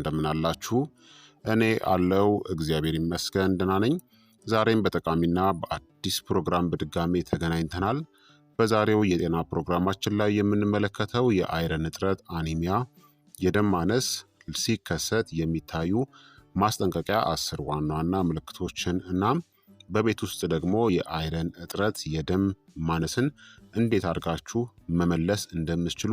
እንደምናላችሁ እኔ አለው እግዚአብሔር ይመስገን ደህና ነኝ። ዛሬም በጠቃሚና በአዲስ ፕሮግራም በድጋሜ ተገናኝተናል። በዛሬው የጤና ፕሮግራማችን ላይ የምንመለከተው የአይረን እጥረት አኒሚያ፣ የደም ማነስ ሲከሰት የሚታዩ ማስጠንቀቂያ አስር ዋና ዋና ምልክቶችን እናም በቤት ውስጥ ደግሞ የአይረን እጥረት የደም ማነስን እንዴት አድርጋችሁ መመለስ እንደምትችሉ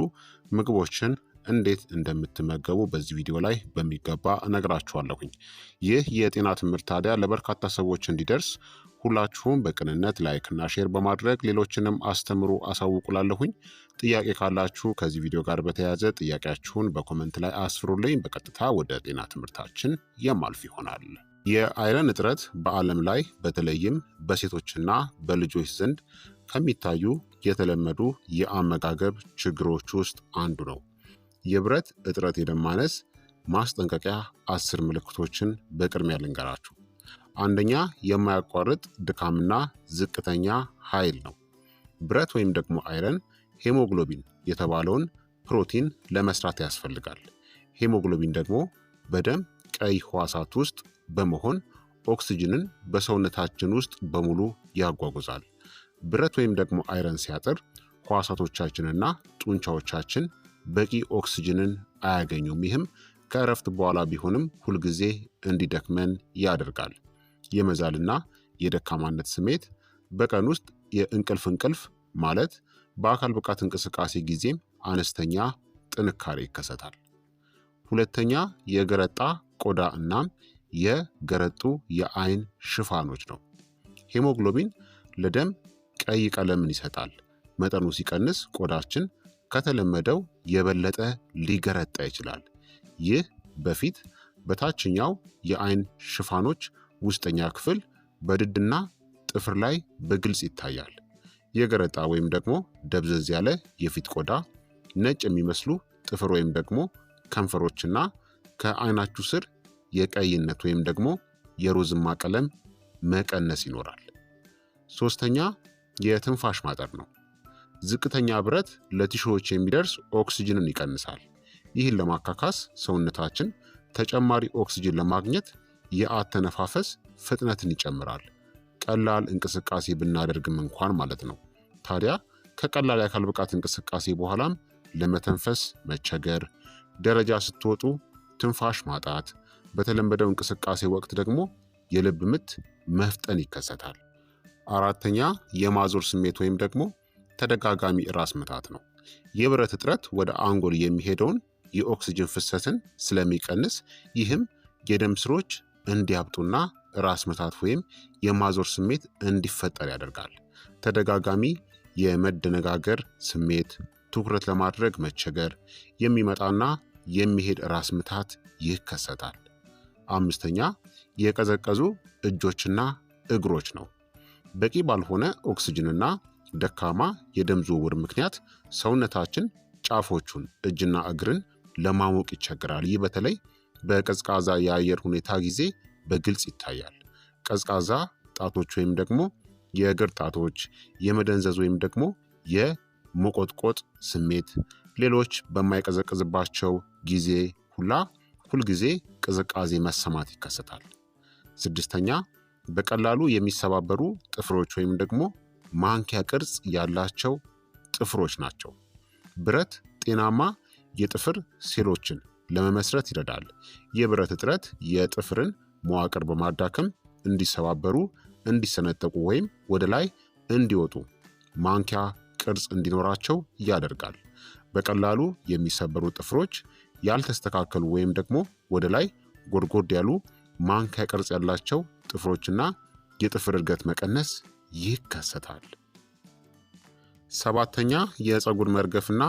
ምግቦችን እንዴት እንደምትመገቡ በዚህ ቪዲዮ ላይ በሚገባ እነግራችኋለሁኝ። ይህ የጤና ትምህርት ታዲያ ለበርካታ ሰዎች እንዲደርስ ሁላችሁም በቅንነት ላይክና ሼር በማድረግ ሌሎችንም አስተምሩ አሳውቁላለሁኝ። ጥያቄ ካላችሁ ከዚህ ቪዲዮ ጋር በተያያዘ ጥያቄያችሁን በኮመንት ላይ አስፍሩልኝ። በቀጥታ ወደ ጤና ትምህርታችን የማልፍ ይሆናል። የአይረን እጥረት በዓለም ላይ በተለይም በሴቶችና በልጆች ዘንድ ከሚታዩ የተለመዱ የአመጋገብ ችግሮች ውስጥ አንዱ ነው። የብረት እጥረት የደማነስ ማስጠንቀቂያ አስር ምልክቶችን በቅድሚያ ልንገራችሁ። አንደኛ የማያቋርጥ ድካምና ዝቅተኛ ኃይል ነው። ብረት ወይም ደግሞ አይረን ሄሞግሎቢን የተባለውን ፕሮቲን ለመስራት ያስፈልጋል። ሄሞግሎቢን ደግሞ በደም ቀይ ህዋሳት ውስጥ በመሆን ኦክስጅንን በሰውነታችን ውስጥ በሙሉ ያጓጉዛል። ብረት ወይም ደግሞ አይረን ሲያጥር ህዋሳቶቻችንና ጡንቻዎቻችን በቂ ኦክስጅንን አያገኙም። ይህም ከእረፍት በኋላ ቢሆንም ሁልጊዜ እንዲደክመን ያደርጋል። የመዛልና የደካማነት ስሜት በቀን ውስጥ የእንቅልፍ እንቅልፍ ማለት በአካል ብቃት እንቅስቃሴ ጊዜም አነስተኛ ጥንካሬ ይከሰታል። ሁለተኛ የገረጣ ቆዳ እናም የገረጡ የአይን ሽፋኖች ነው። ሄሞግሎቢን ለደም ቀይ ቀለምን ይሰጣል። መጠኑ ሲቀንስ ቆዳችን ከተለመደው የበለጠ ሊገረጣ ይችላል። ይህ በፊት በታችኛው የአይን ሽፋኖች ውስጠኛ ክፍል በድድና ጥፍር ላይ በግልጽ ይታያል። የገረጣ ወይም ደግሞ ደብዘዝ ያለ የፊት ቆዳ፣ ነጭ የሚመስሉ ጥፍር ወይም ደግሞ ከንፈሮችና ከአይናችሁ ስር የቀይነት ወይም ደግሞ የሮዝማ ቀለም መቀነስ ይኖራል። ሶስተኛ የትንፋሽ ማጠር ነው። ዝቅተኛ ብረት ለቲሾዎች የሚደርስ ኦክስጅንን ይቀንሳል። ይህን ለማካካስ ሰውነታችን ተጨማሪ ኦክስጅን ለማግኘት የአተነፋፈስ ፍጥነትን ይጨምራል። ቀላል እንቅስቃሴ ብናደርግም እንኳን ማለት ነው። ታዲያ ከቀላል የአካል ብቃት እንቅስቃሴ በኋላም ለመተንፈስ መቸገር፣ ደረጃ ስትወጡ ትንፋሽ ማጣት፣ በተለመደው እንቅስቃሴ ወቅት ደግሞ የልብ ምት መፍጠን ይከሰታል። አራተኛ የማዞር ስሜት ወይም ደግሞ ተደጋጋሚ ራስ ምታት ነው። የብረት እጥረት ወደ አንጎል የሚሄደውን የኦክስጅን ፍሰትን ስለሚቀንስ ይህም የደም ስሮች እንዲያብጡና ራስ ምታት ወይም የማዞር ስሜት እንዲፈጠር ያደርጋል። ተደጋጋሚ የመደነጋገር ስሜት፣ ትኩረት ለማድረግ መቸገር፣ የሚመጣና የሚሄድ ራስ ምታት ይከሰታል። አምስተኛ የቀዘቀዙ እጆችና እግሮች ነው። በቂ ባልሆነ ኦክስጅንና ደካማ የደም ዝውውር ምክንያት ሰውነታችን ጫፎቹን እጅና እግርን ለማሞቅ ይቸግራል። ይህ በተለይ በቀዝቃዛ የአየር ሁኔታ ጊዜ በግልጽ ይታያል። ቀዝቃዛ ጣቶች ወይም ደግሞ የእግር ጣቶች የመደንዘዝ ወይም ደግሞ የመቆጥቆጥ ስሜት፣ ሌሎች በማይቀዘቅዝባቸው ጊዜ ሁላ ሁልጊዜ ቅዝቃዜ መሰማት ይከሰታል። ስድስተኛ በቀላሉ የሚሰባበሩ ጥፍሮች ወይም ደግሞ ማንኪያ ቅርጽ ያላቸው ጥፍሮች ናቸው። ብረት ጤናማ የጥፍር ሴሎችን ለመመስረት ይረዳል። የብረት እጥረት የጥፍርን መዋቅር በማዳከም እንዲሰባበሩ፣ እንዲሰነጠቁ ወይም ወደ ላይ እንዲወጡ ማንኪያ ቅርጽ እንዲኖራቸው ያደርጋል። በቀላሉ የሚሰበሩ ጥፍሮች ያልተስተካከሉ ወይም ደግሞ ወደ ላይ ጎድጎድ ያሉ ማንኪያ ቅርጽ ያላቸው ጥፍሮችና የጥፍር እድገት መቀነስ ይከሰታል። ሰባተኛ የፀጉር መርገፍና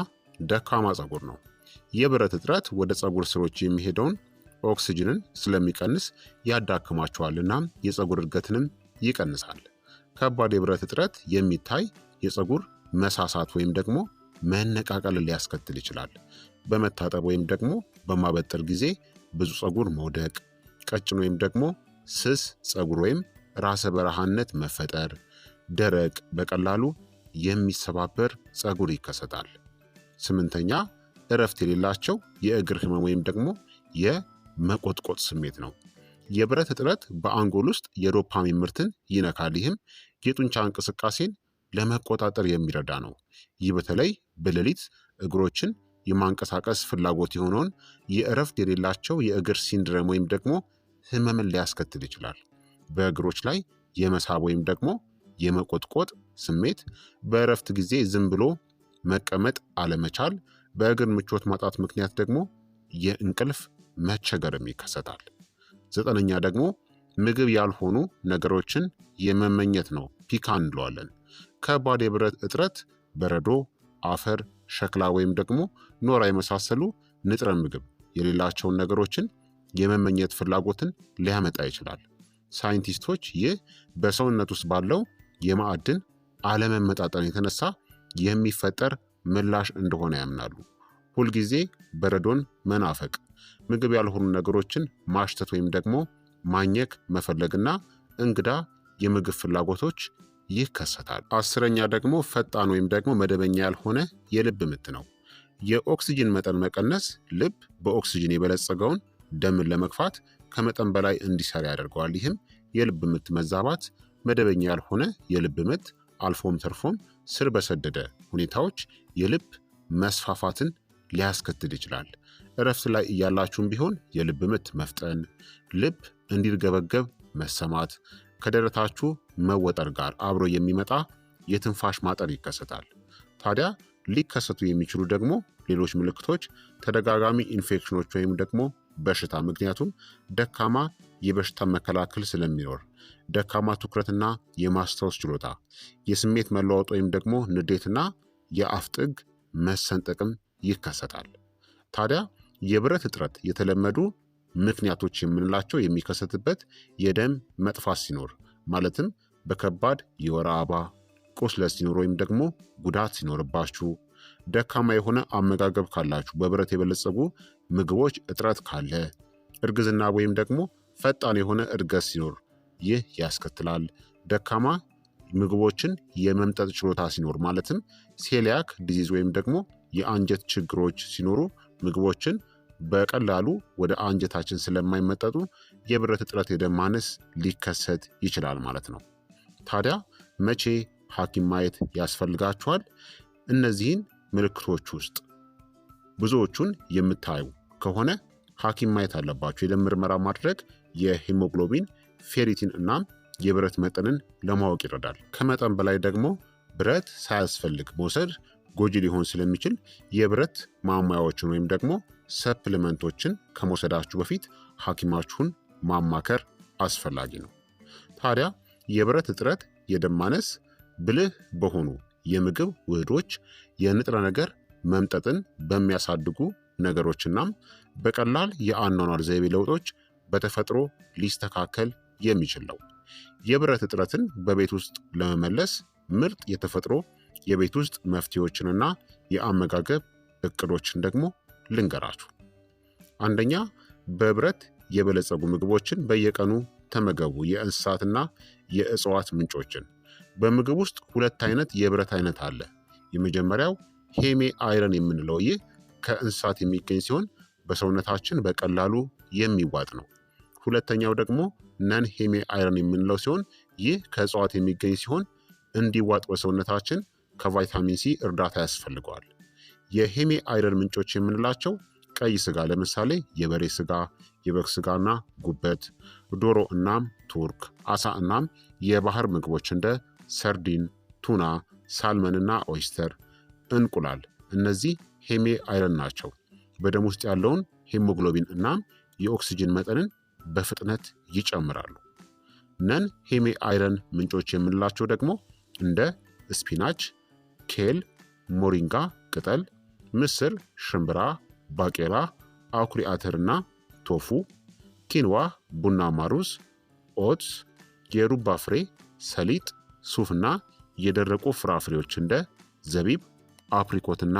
ደካማ ፀጉር ነው። የብረት እጥረት ወደ ፀጉር ስሮች የሚሄደውን ኦክስጅንን ስለሚቀንስ ያዳክማቸዋል እናም የፀጉር እድገትንም ይቀንሳል። ከባድ የብረት እጥረት የሚታይ የፀጉር መሳሳት ወይም ደግሞ መነቃቀልን ሊያስከትል ይችላል። በመታጠብ ወይም ደግሞ በማበጠር ጊዜ ብዙ ፀጉር መውደቅ፣ ቀጭን ወይም ደግሞ ስስ ፀጉር ወይም ራሰ በረሃነት መፈጠር ደረቅ፣ በቀላሉ የሚሰባበር ጸጉር ይከሰታል። ስምንተኛ እረፍት የሌላቸው የእግር ህመም ወይም ደግሞ የመቆጥቆጥ ስሜት ነው። የብረት እጥረት በአንጎል ውስጥ የዶፓሚን ምርትን ይነካል። ይህም የጡንቻ እንቅስቃሴን ለመቆጣጠር የሚረዳ ነው። ይህ በተለይ በሌሊት እግሮችን የማንቀሳቀስ ፍላጎት የሆነውን የእረፍት የሌላቸው የእግር ሲንድረም ወይም ደግሞ ህመምን ሊያስከትል ይችላል። በእግሮች ላይ የመሳብ ወይም ደግሞ የመቆጥቆጥ ስሜት፣ በእረፍት ጊዜ ዝም ብሎ መቀመጥ አለመቻል፣ በእግር ምቾት ማጣት ምክንያት ደግሞ የእንቅልፍ መቸገርም ይከሰታል። ዘጠነኛ ደግሞ ምግብ ያልሆኑ ነገሮችን የመመኘት ነው። ፒካ እንለዋለን። ከባድ የብረት እጥረት፣ በረዶ፣ አፈር፣ ሸክላ ወይም ደግሞ ኖራ የመሳሰሉ ንጥረ ምግብ የሌላቸውን ነገሮችን የመመኘት ፍላጎትን ሊያመጣ ይችላል። ሳይንቲስቶች ይህ በሰውነት ውስጥ ባለው የማዕድን አለመመጣጠን የተነሳ የሚፈጠር ምላሽ እንደሆነ ያምናሉ። ሁልጊዜ በረዶን መናፈቅ፣ ምግብ ያልሆኑ ነገሮችን ማሽተት ወይም ደግሞ ማኘክ መፈለግና እንግዳ የምግብ ፍላጎቶች ይከሰታል። አስረኛ ደግሞ ፈጣን ወይም ደግሞ መደበኛ ያልሆነ የልብ ምት ነው። የኦክሲጅን መጠን መቀነስ ልብ በኦክሲጅን የበለጸገውን ደምን ለመግፋት ከመጠን በላይ እንዲሰራ ያደርገዋል። ይህም የልብ ምት መዛባት መደበኛ ያልሆነ የልብ ምት አልፎም ተርፎም ስር በሰደደ ሁኔታዎች የልብ መስፋፋትን ሊያስከትል ይችላል። እረፍት ላይ እያላችሁም ቢሆን የልብ ምት መፍጠን፣ ልብ እንዲርገበገብ መሰማት፣ ከደረታችሁ መወጠር ጋር አብሮ የሚመጣ የትንፋሽ ማጠር ይከሰታል። ታዲያ ሊከሰቱ የሚችሉ ደግሞ ሌሎች ምልክቶች ተደጋጋሚ ኢንፌክሽኖች ወይም ደግሞ በሽታ። ምክንያቱም ደካማ የበሽታ መከላከል ስለሚኖር፣ ደካማ ትኩረትና የማስታወስ ችሎታ፣ የስሜት መለዋወጥ ወይም ደግሞ ንዴትና የአፍ ጥግ መሰንጠቅም ይከሰታል። ታዲያ የብረት እጥረት የተለመዱ ምክንያቶች የምንላቸው የሚከሰትበት የደም መጥፋት ሲኖር ማለትም በከባድ የወር አበባ ቁስለት ሲኖር ወይም ደግሞ ጉዳት ሲኖርባችሁ ደካማ የሆነ አመጋገብ ካላችሁ፣ በብረት የበለጸጉ ምግቦች እጥረት ካለ፣ እርግዝና ወይም ደግሞ ፈጣን የሆነ እድገት ሲኖር ይህ ያስከትላል። ደካማ ምግቦችን የመምጠጥ ችሎታ ሲኖር ማለትም ሴሊያክ ዲዚዝ ወይም ደግሞ የአንጀት ችግሮች ሲኖሩ ምግቦችን በቀላሉ ወደ አንጀታችን ስለማይመጠጡ የብረት እጥረት የደም ማነስ ሊከሰት ይችላል ማለት ነው። ታዲያ መቼ ሐኪም ማየት ያስፈልጋችኋል? እነዚህን ምልክቶች ውስጥ ብዙዎቹን የምታዩ ከሆነ ሐኪም ማየት አለባቸው። የደም ምርመራ ማድረግ የሂሞግሎቢን ፌሪቲን እናም የብረት መጠንን ለማወቅ ይረዳል። ከመጠን በላይ ደግሞ ብረት ሳያስፈልግ መውሰድ ጎጂ ሊሆን ስለሚችል የብረት ማሟያዎችን ወይም ደግሞ ሰፕሊመንቶችን ከመውሰዳችሁ በፊት ሐኪማችሁን ማማከር አስፈላጊ ነው። ታዲያ የብረት እጥረት የደም ማነስ ብልህ በሆኑ የምግብ ውህዶች የንጥረ ነገር መምጠጥን በሚያሳድጉ ነገሮችናም በቀላል የአኗኗር ዘይቤ ለውጦች በተፈጥሮ ሊስተካከል የሚችል ነው። የብረት እጥረትን በቤት ውስጥ ለመመለስ ምርጥ የተፈጥሮ የቤት ውስጥ መፍትሄዎችንና የአመጋገብ እቅዶችን ደግሞ ልንገራችሁ። አንደኛ በብረት የበለጸጉ ምግቦችን በየቀኑ ተመገቡ። የእንስሳትና የእጽዋት ምንጮችን በምግብ ውስጥ ሁለት አይነት የብረት አይነት አለ። የመጀመሪያው ሄሜ አይረን የምንለው ይህ ከእንስሳት የሚገኝ ሲሆን በሰውነታችን በቀላሉ የሚዋጥ ነው። ሁለተኛው ደግሞ ነን ሄሜ አይረን የምንለው ሲሆን ይህ ከእጽዋት የሚገኝ ሲሆን እንዲዋጥ በሰውነታችን ከቫይታሚን ሲ እርዳታ ያስፈልገዋል። የሄሜ አይረን ምንጮች የምንላቸው ቀይ ስጋ ለምሳሌ የበሬ ስጋ፣ የበግ ስጋና ጉበት፣ ዶሮ እናም ቱርክ፣ አሳ እናም የባህር ምግቦች እንደ ሰርዲን፣ ቱና፣ ሳልመንና ኦይስተር፣ እንቁላል እነዚህ ሄሜ አይረን ናቸው። በደም ውስጥ ያለውን ሄሞግሎቢን እናም የኦክስጂን መጠንን በፍጥነት ይጨምራሉ። ነን ሄሜ አይረን ምንጮች የምንላቸው ደግሞ እንደ ስፒናች፣ ኬል፣ ሞሪንጋ ቅጠል፣ ምስር፣ ሽምብራ፣ ባቄላ፣ አኩሪ አተርና ቶፉ፣ ኪንዋ፣ ቡናማ ሩዝ፣ ኦትስ፣ የሩባ ፍሬ፣ ሰሊጥ፣ ሱፍና የደረቁ ፍራፍሬዎች እንደ ዘቢብ፣ አፕሪኮትና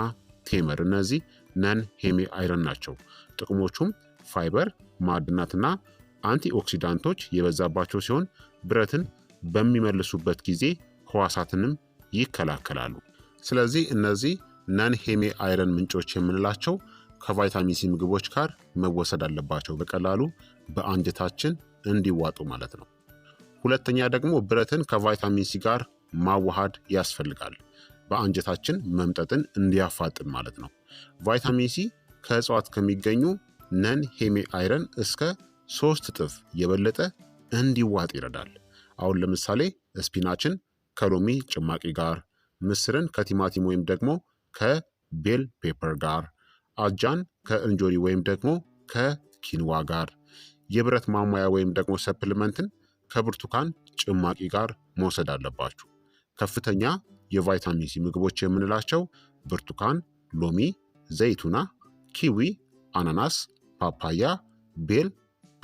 ቴመር እነዚህ ነን ሄሚ አይረን ናቸው። ጥቅሞቹም ፋይበር፣ ማዕድናትና አንቲኦክሲዳንቶች የበዛባቸው ሲሆን ብረትን በሚመልሱበት ጊዜ ህዋሳትንም ይከላከላሉ። ስለዚህ እነዚህ ነን ሄሜ አይረን ምንጮች የምንላቸው ከቫይታሚን ሲ ምግቦች ጋር መወሰድ አለባቸው፣ በቀላሉ በአንጀታችን እንዲዋጡ ማለት ነው። ሁለተኛ ደግሞ ብረትን ከቫይታሚን ሲ ጋር ማዋሃድ ያስፈልጋል። በአንጀታችን መምጠጥን እንዲያፋጥን ማለት ነው። ቫይታሚን ሲ ከእጽዋት ከሚገኙ ነን ሄሜ አይረን እስከ ሶስት እጥፍ የበለጠ እንዲዋጥ ይረዳል። አሁን ለምሳሌ ስፒናችን ከሎሚ ጭማቂ ጋር፣ ምስርን ከቲማቲም ወይም ደግሞ ከቤል ፔፐር ጋር፣ አጃን ከእንጆሪ ወይም ደግሞ ከኪንዋ ጋር፣ የብረት ማሟያ ወይም ደግሞ ሰፕልመንትን ከብርቱካን ጭማቂ ጋር መውሰድ አለባችሁ። ከፍተኛ የቫይታሚን ሲ ምግቦች የምንላቸው ብርቱካን፣ ሎሚ፣ ዘይቱና፣ ኪዊ፣ አናናስ፣ ፓፓያ፣ ቤል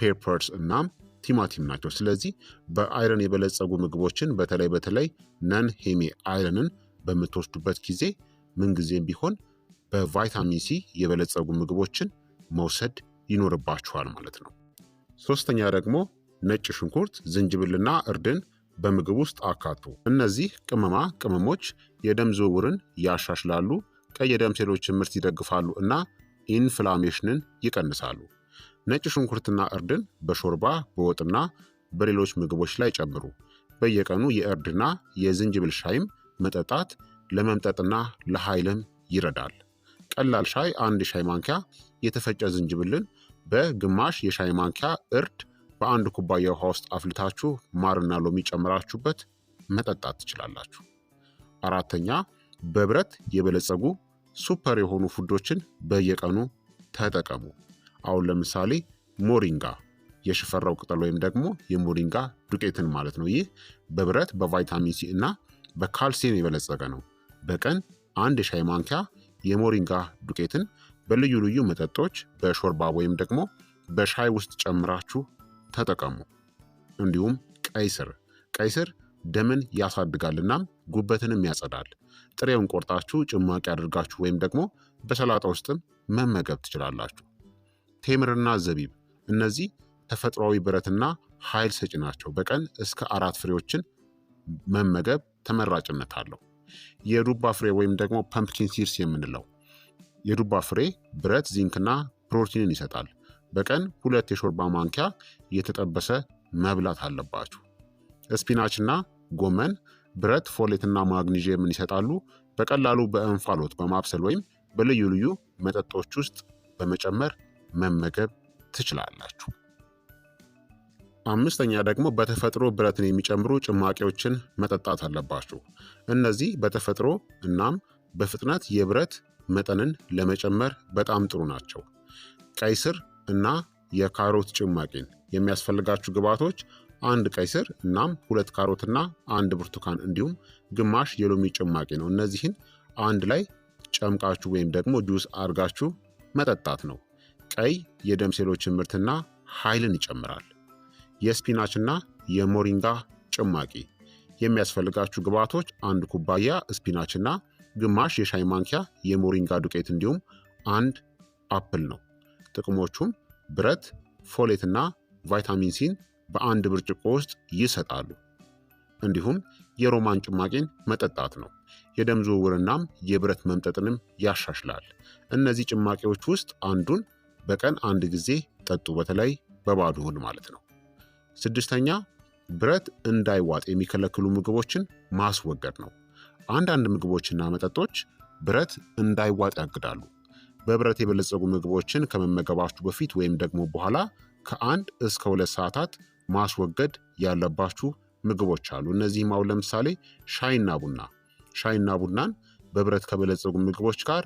ፔፐርስ እናም ቲማቲም ናቸው። ስለዚህ በአይረን የበለጸጉ ምግቦችን በተለይ በተለይ ነን ሄሜ አይረንን በምትወስዱበት ጊዜ ምንጊዜም ቢሆን በቫይታሚን ሲ የበለጸጉ ምግቦችን መውሰድ ይኖርባችኋል ማለት ነው። ሶስተኛ ደግሞ ነጭ ሽንኩርት፣ ዝንጅብልና እርድን በምግብ ውስጥ አካቱ። እነዚህ ቅመማ ቅመሞች የደም ዝውውርን ያሻሽላሉ፣ ቀይ የደም ሴሎችን ምርት ይደግፋሉ እና ኢንፍላሜሽንን ይቀንሳሉ። ነጭ ሽንኩርትና እርድን በሾርባ በወጥና በሌሎች ምግቦች ላይ ጨምሩ። በየቀኑ የእርድና የዝንጅብል ሻይም መጠጣት ለመምጠጥና ለኃይልም ይረዳል። ቀላል ሻይ አንድ ሻይ ማንኪያ የተፈጨ ዝንጅብልን በግማሽ የሻይ ማንኪያ እርድ በአንድ ኩባያ ውሃ ውስጥ አፍልታችሁ ማርና ሎሚ ጨምራችሁበት መጠጣት ትችላላችሁ። አራተኛ በብረት የበለጸጉ ሱፐር የሆኑ ፉዶችን በየቀኑ ተጠቀሙ። አሁን ለምሳሌ ሞሪንጋ የሽፈራው ቅጠል ወይም ደግሞ የሞሪንጋ ዱቄትን ማለት ነው። ይህ በብረት በቫይታሚን ሲ እና በካልሲየም የበለጸገ ነው። በቀን አንድ የሻይ ማንኪያ የሞሪንጋ ዱቄትን በልዩ ልዩ መጠጦች በሾርባ ወይም ደግሞ በሻይ ውስጥ ጨምራችሁ ተጠቀሙ። እንዲሁም ቀይ ስር ቀይ ስር ደምን ያሳድጋል እናም ጉበትንም ያጸዳል። ጥሬውን ቆርጣችሁ ጭማቂ አድርጋችሁ ወይም ደግሞ በሰላጣ ውስጥም መመገብ ትችላላችሁ። ቴምርና ዘቢብ እነዚህ ተፈጥሯዊ ብረትና ኃይል ሰጪ ናቸው። በቀን እስከ አራት ፍሬዎችን መመገብ ተመራጭነት አለው። የዱባ ፍሬ ወይም ደግሞ ፐምፕኪን ሲርስ የምንለው የዱባ ፍሬ ብረት፣ ዚንክና ፕሮቲንን ይሰጣል። በቀን ሁለት የሾርባ ማንኪያ የተጠበሰ መብላት አለባችሁ። ስፒናችና ጎመን ብረት፣ ፎሌትና ማግኒዥየምን ይሰጣሉ። በቀላሉ በእንፋሎት በማብሰል ወይም በልዩ ልዩ መጠጦች ውስጥ በመጨመር መመገብ ትችላላችሁ። አምስተኛ ደግሞ በተፈጥሮ ብረትን የሚጨምሩ ጭማቂዎችን መጠጣት አለባችሁ። እነዚህ በተፈጥሮ እናም በፍጥነት የብረት መጠንን ለመጨመር በጣም ጥሩ ናቸው። ቀይ ስር እና የካሮት ጭማቂን የሚያስፈልጋችሁ ግብዓቶች አንድ ቀይ ስር እናም ሁለት ካሮትና አንድ ብርቱካን እንዲሁም ግማሽ የሎሚ ጭማቂ ነው። እነዚህን አንድ ላይ ጨምቃችሁ ወይም ደግሞ ጁስ አድርጋችሁ መጠጣት ነው። ቀይ የደም ሴሎችን ምርትና ኃይልን ይጨምራል። የስፒናችና የሞሪንጋ ጭማቂ የሚያስፈልጋችሁ ግብዓቶች አንድ ኩባያ ስፒናችና ግማሽ የሻይ ማንኪያ የሞሪንጋ ዱቄት እንዲሁም አንድ አፕል ነው። ጥቅሞቹም ብረት፣ ፎሌትና ቫይታሚን ሲን በአንድ ብርጭቆ ውስጥ ይሰጣሉ። እንዲሁም የሮማን ጭማቂን መጠጣት ነው። የደም ዝውውርናም የብረት መምጠጥንም ያሻሽላል። እነዚህ ጭማቂዎች ውስጥ አንዱን በቀን አንድ ጊዜ ጠጡ፣ በተለይ በባዶ ሆድ ማለት ነው። ስድስተኛ ብረት እንዳይዋጥ የሚከለክሉ ምግቦችን ማስወገድ ነው። አንዳንድ ምግቦችና መጠጦች ብረት እንዳይዋጥ ያግዳሉ። በብረት የበለጸጉ ምግቦችን ከመመገባችሁ በፊት ወይም ደግሞ በኋላ ከአንድ እስከ ሁለት ሰዓታት ማስወገድ ያለባችሁ ምግቦች አሉ። እነዚህም አሁን ለምሳሌ ሻይና ቡና። ሻይና ቡናን በብረት ከበለጸጉ ምግቦች ጋር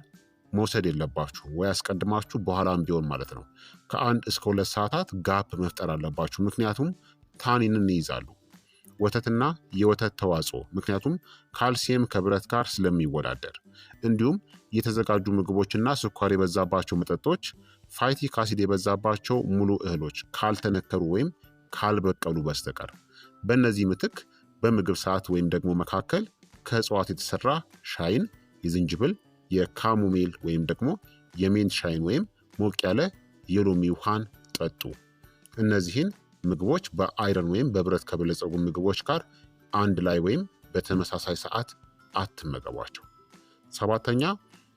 መውሰድ የለባችሁ ወይ አስቀድማችሁ በኋላም ቢሆን ማለት ነው። ከአንድ እስከ ሁለት ሰዓታት ጋፕ መፍጠር አለባችሁ፣ ምክንያቱም ታኒንን ይይዛሉ። ወተትና የወተት ተዋጽኦ ምክንያቱም ካልሲየም ከብረት ጋር ስለሚወዳደር፣ እንዲሁም የተዘጋጁ ምግቦችና ስኳር የበዛባቸው መጠጦች፣ ፋይቲክ አሲድ የበዛባቸው ሙሉ እህሎች ካልተነከሩ ወይም ካልበቀሉ በስተቀር። በእነዚህ ምትክ በምግብ ሰዓት ወይም ደግሞ መካከል ከእጽዋት የተሰራ ሻይን፣ የዝንጅብል፣ የካሞሜል ወይም ደግሞ የሜንት ሻይን ወይም ሞቅ ያለ የሎሚ ውሃን ጠጡ። እነዚህን ምግቦች በአይረን ወይም በብረት ከበለጸጉ ምግቦች ጋር አንድ ላይ ወይም በተመሳሳይ ሰዓት አትመገቧቸው። ሰባተኛ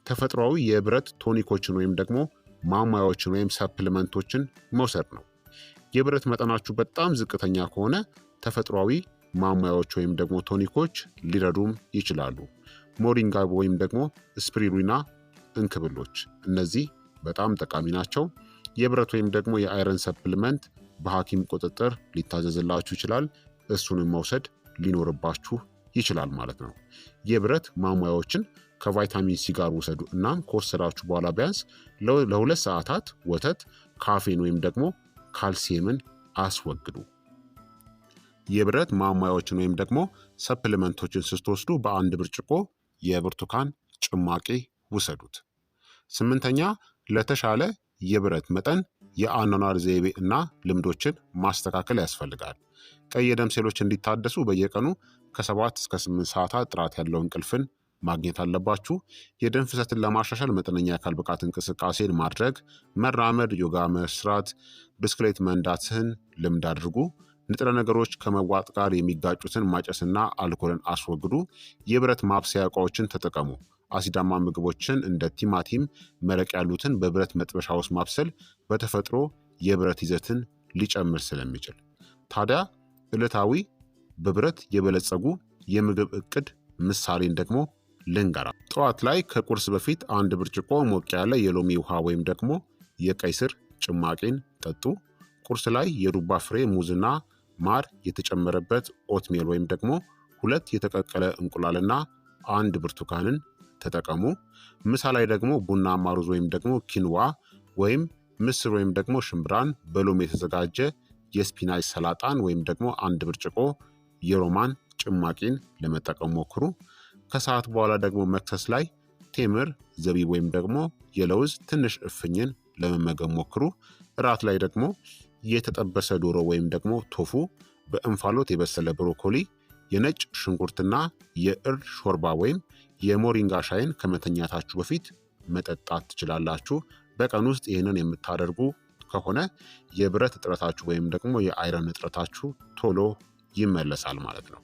ተፈጥሯዊ የብረት ቶኒኮችን ወይም ደግሞ ማሟያዎችን ወይም ሰፕሊመንቶችን መውሰድ ነው። የብረት መጠናችሁ በጣም ዝቅተኛ ከሆነ ተፈጥሯዊ ማሟያዎች ወይም ደግሞ ቶኒኮች ሊረዱም ይችላሉ። ሞሪንጋ ወይም ደግሞ ስፕሪሩና እንክብሎች፣ እነዚህ በጣም ጠቃሚ ናቸው። የብረት ወይም ደግሞ የአይረን ሰፕሊመንት። በሐኪም ቁጥጥር ሊታዘዝላችሁ ይችላል። እሱንም መውሰድ ሊኖርባችሁ ይችላል ማለት ነው። የብረት ማሟያዎችን ከቫይታሚን ሲ ጋር ውሰዱ። እናም ከወሰዳችሁ በኋላ ቢያንስ ለሁለት ሰዓታት ወተት፣ ካፌን ወይም ደግሞ ካልሲየምን አስወግዱ። የብረት ማሟያዎችን ወይም ደግሞ ሰፕሊመንቶችን ስትወስዱ በአንድ ብርጭቆ የብርቱካን ጭማቂ ውሰዱት። ስምንተኛ ለተሻለ የብረት መጠን የአኗኗር ዘይቤ እና ልምዶችን ማስተካከል ያስፈልጋል። ቀይ የደም ሴሎች እንዲታደሱ በየቀኑ ከሰባት እስከ ስምንት ሰዓታት ጥራት ያለው እንቅልፍን ማግኘት አለባችሁ። የደም ፍሰትን ለማሻሻል መጠነኛ የአካል ብቃት እንቅስቃሴን ማድረግ፣ መራመድ፣ ዮጋ መስራት፣ ብስክሌት መንዳትህን ልምድ አድርጉ። ንጥረ ነገሮች ከመዋጥ ጋር የሚጋጩትን ማጨስና አልኮልን አስወግዱ። የብረት ማብሰያ እቃዎችን ተጠቀሙ። አሲዳማ ምግቦችን እንደ ቲማቲም መረቅ ያሉትን በብረት መጥበሻ ውስጥ ማብሰል በተፈጥሮ የብረት ይዘትን ሊጨምር ስለሚችል ታዲያ ዕለታዊ በብረት የበለጸጉ የምግብ እቅድ ምሳሌን ደግሞ ልንገራ። ጠዋት ላይ ከቁርስ በፊት አንድ ብርጭቆ ሞቅ ያለ የሎሚ ውሃ ወይም ደግሞ የቀይ ስር ጭማቂን ጠጡ። ቁርስ ላይ የዱባ ፍሬ፣ ሙዝና ማር የተጨመረበት ኦትሜል ወይም ደግሞ ሁለት የተቀቀለ እንቁላልና አንድ ብርቱካንን ተጠቀሙ። ምሳ ላይ ደግሞ ቡናማ ሩዝ ወይም ደግሞ ኪንዋ ወይም ምስር ወይም ደግሞ ሽምብራን በሎሚ የተዘጋጀ የስፒናች ሰላጣን ወይም ደግሞ አንድ ብርጭቆ የሮማን ጭማቂን ለመጠቀም ሞክሩ። ከሰዓት በኋላ ደግሞ መክሰስ ላይ ቴምር፣ ዘቢብ ወይም ደግሞ የለውዝ ትንሽ እፍኝን ለመመገብ ሞክሩ። እራት ላይ ደግሞ የተጠበሰ ዶሮ ወይም ደግሞ ቶፉ፣ በእንፋሎት የበሰለ ብሮኮሊ፣ የነጭ ሽንኩርትና የእርድ ሾርባ ወይም የሞሪንጋ ሻይን ከመተኛታችሁ በፊት መጠጣት ትችላላችሁ። በቀን ውስጥ ይህንን የምታደርጉ ከሆነ የብረት እጥረታችሁ ወይም ደግሞ የአይረን እጥረታችሁ ቶሎ ይመለሳል ማለት ነው።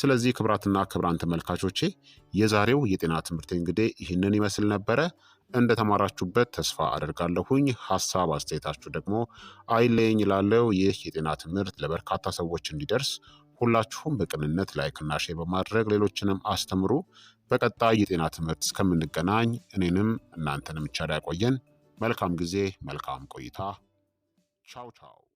ስለዚህ ክብራትና ክብራን ተመልካቾቼ የዛሬው የጤና ትምህርት እንግዲህ ይህንን ይመስል ነበረ። እንደተማራችሁበት ተስፋ አደርጋለሁኝ። ሀሳብ አስተያየታችሁ ደግሞ አይለኝ ይላለው። ይህ የጤና ትምህርት ለበርካታ ሰዎች እንዲደርስ ሁላችሁም በቅንነት ላይ ሼር በማድረግ ሌሎችንም አስተምሩ። በቀጣይ የጤና ትምህርት እስከምንገናኝ እኔንም እናንተንም ቸር ያቆየን። መልካም ጊዜ፣ መልካም ቆይታ። ቻው ቻው